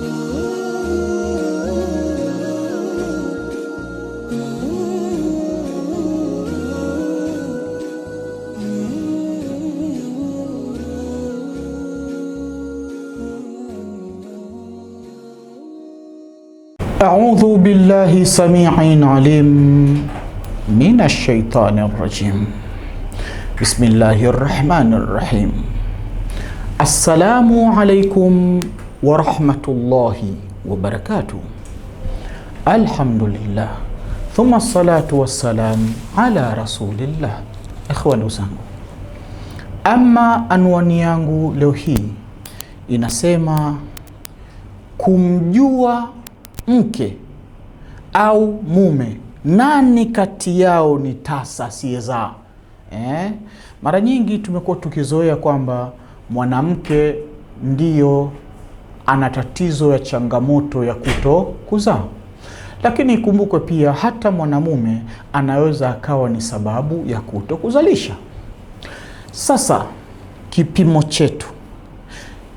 أعوذ بالله سميع عليم من الشيطان الرجيم بسم الله الرحمن الرحيم السلام عليكم wa rahmatullahi wa barakatuh. Alhamdulillah thumma salatu wassalam ala rasulillah. Ikhwa, zangu, ama anwani yangu leo hii inasema kumjua mke au mume nani kati yao ni tasa asiyezaa. Eh, mara nyingi tumekuwa tukizoea kwamba mwanamke ndiyo ana tatizo ya changamoto ya kuto kuzaa. Lakini ikumbukwe pia hata mwanamume anaweza akawa ni sababu ya kuto kuzalisha. Sasa kipimo chetu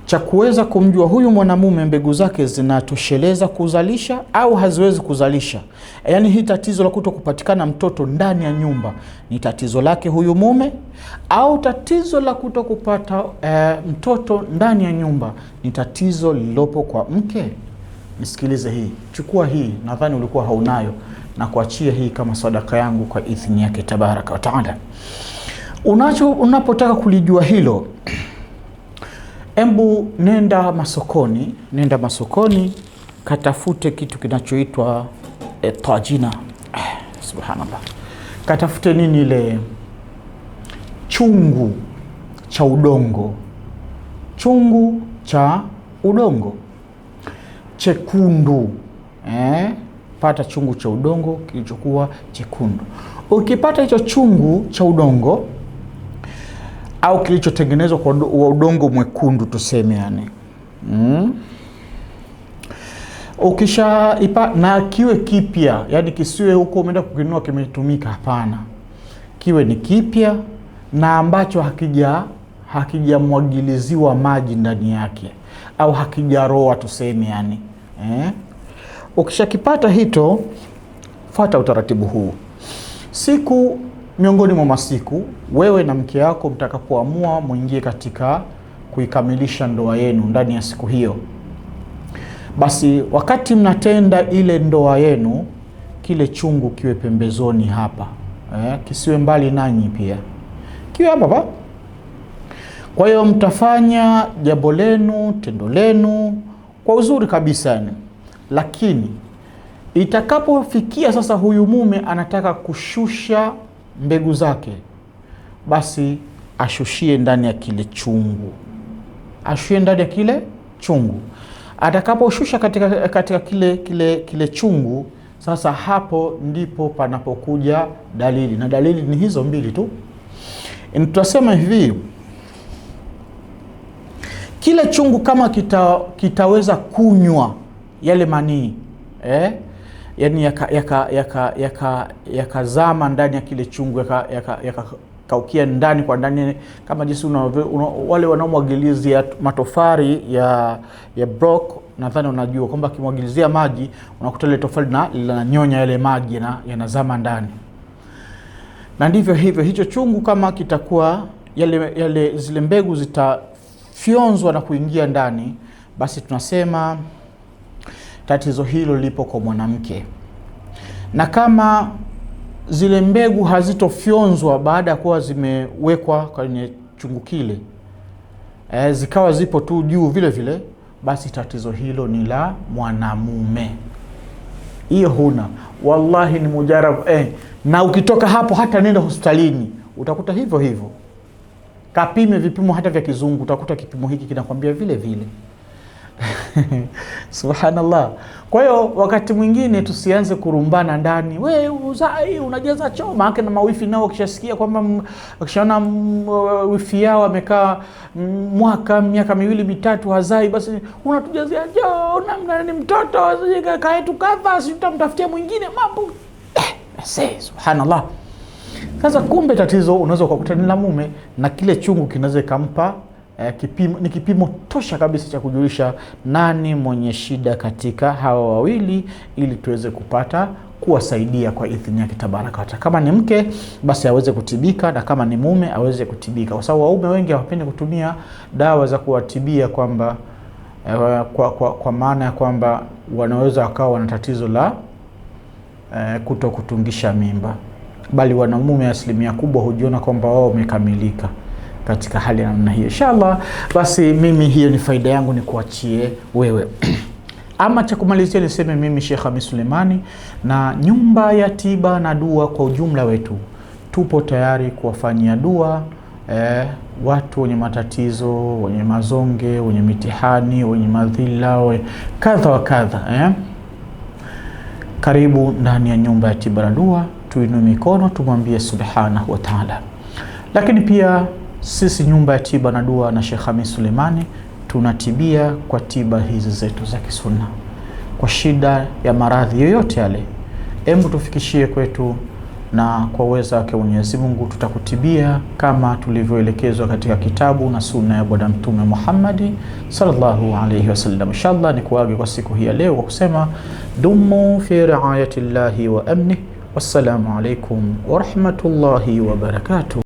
cha kuweza kumjua huyu mwanamume mbegu zake zinatosheleza kuzalisha au haziwezi kuzalisha. Yaani hii tatizo la kuto kupatikana mtoto ndani ya nyumba ni tatizo lake huyu mume, au tatizo la kuto kupata e, eh, mtoto ndani ya nyumba ni tatizo lililopo kwa mke? Nisikilize hii, chukua hii, nadhani ulikuwa haunayo, na kuachia hii kama sadaka yangu kwa idhini yake tabaraka wataala Unacho unapotaka kulijua hilo Embu nenda masokoni, nenda masokoni katafute kitu kinachoitwa e, tajina eh, subhanallah. Katafute nini ile chungu cha udongo, chungu cha udongo chekundu eh, pata chungu cha udongo kilichokuwa chekundu. Ukipata hicho chungu cha udongo au kilichotengenezwa kwa udongo mwekundu tuseme, yani mm. Ukisha ipa na kiwe kipya, yani kisiwe huko umeenda kukinunua kimetumika, hapana, kiwe ni kipya na ambacho hakija hakijamwagiliziwa maji ndani yake au hakijaroa tuseme, yani eh? Ukishakipata hito, fata utaratibu huu siku miongoni mwa masiku wewe na mke wako mtakapoamua mwingie katika kuikamilisha ndoa yenu ndani ya siku hiyo, basi wakati mnatenda ile ndoa yenu, kile chungu kiwe pembezoni hapa eh, kisiwe mbali nanyi, pia kiwe hapa hapa. Kwa hiyo mtafanya jambo lenu, tendo lenu kwa uzuri kabisa yani, lakini itakapofikia sasa huyu mume anataka kushusha mbegu zake, basi ashushie ndani ya kile chungu, ashushie ndani ya kile chungu. Atakaposhusha katika, katika kile, kile, kile chungu, sasa hapo ndipo panapokuja dalili, na dalili ni hizo mbili tu. Tutasema hivi kile chungu kama kita, kitaweza kunywa yale manii eh? yani yakazama yaka, yaka, yaka, yaka ndani ya kile chungu yakakaukia yaka, yaka ndani kwa ndani kama jinsi wale wanaomwagilizia matofali ya, ya block nadhani unajua kwamba akimwagilizia maji unakuta ile tofali na linanyonya yale maji yanazama ndani, na ndivyo hivyo hicho chungu kama kitakuwa yale, yale zile mbegu zitafyonzwa na kuingia ndani, basi tunasema tatizo hilo lipo kwa mwanamke, na kama zile mbegu hazitofyonzwa baada ya kuwa zimewekwa kwenye chungu kile, e, zikawa zipo tu juu vile vile, basi tatizo hilo ni la mwanamume. Hiyo huna wallahi, ni mujarabu e, Na ukitoka hapo hata nenda hospitalini utakuta hivyo hivyo, kapime vipimo hata vya kizungu, utakuta kipimo hiki kinakwambia vile vile. Subhanallah. Kwa hiyo wakati mwingine tusianze kurumbana ndani, we uzai unajaza choo, maana na mawifi nao wakishasikia kwamba wakishaona wifi yao amekaa mwaka miaka miwili mitatu hazai, basi unatujazia choo, namna ni mtoto kaetu kadha, si tutamtafutia mwingine mambo eh. Subhanallah. Sasa kumbe tatizo unaweza ukakuta ni la mume na kile chungu kinaweza ikampa eh, kipimo, ni kipimo tosha kabisa cha kujulisha nani mwenye shida katika hawa wawili, ili tuweze kupata kuwasaidia kwa idhini yake tabaraka wataala. Kama ni mke basi aweze kutibika, na kama ni mume aweze kutibika, kwa sababu waume wengi hawapendi kutumia dawa za kuwatibia kwamba eh, kwa, kwa, kwa, kwa maana ya kwamba wanaweza wakawa wana tatizo la eh, kuto kutungisha mimba, bali wanaume asilimia kubwa hujiona kwamba wao wamekamilika katika hali ya namna hiyo. Inshallah, basi mimi hiyo ni faida yangu, ni kuachie wewe. Ama cha kumalizia niseme mimi Sheikh Hamis Sulemani na nyumba ya tiba na dua kwa ujumla wetu tupo tayari kuwafanyia dua eh, watu wenye matatizo, wenye mazonge, wenye mitihani, wenye madhila we, kadha wa kadha eh. Karibu ndani ya nyumba ya tiba na dua, tuinue mikono tumwambie subhanahu wa ta'ala, lakini pia sisi nyumba ya tiba na dua na Sheikh hamis Sulemani tunatibia kwa tiba hizi zetu za kisunna kwa shida ya maradhi yoyote yale, hebu tufikishie kwetu, na kwa uwezo wake Mwenyezi Mungu tutakutibia kama tulivyoelekezwa katika kitabu na sunna ya Bwana Mtume Muhammadi sallallahu alayhi wasallam. Inshallah, nikuage kwa siku hii ya leo kwa kusema dumu fi riayati llahi wa amnih. Wassalamu alaikum wa barakatuh.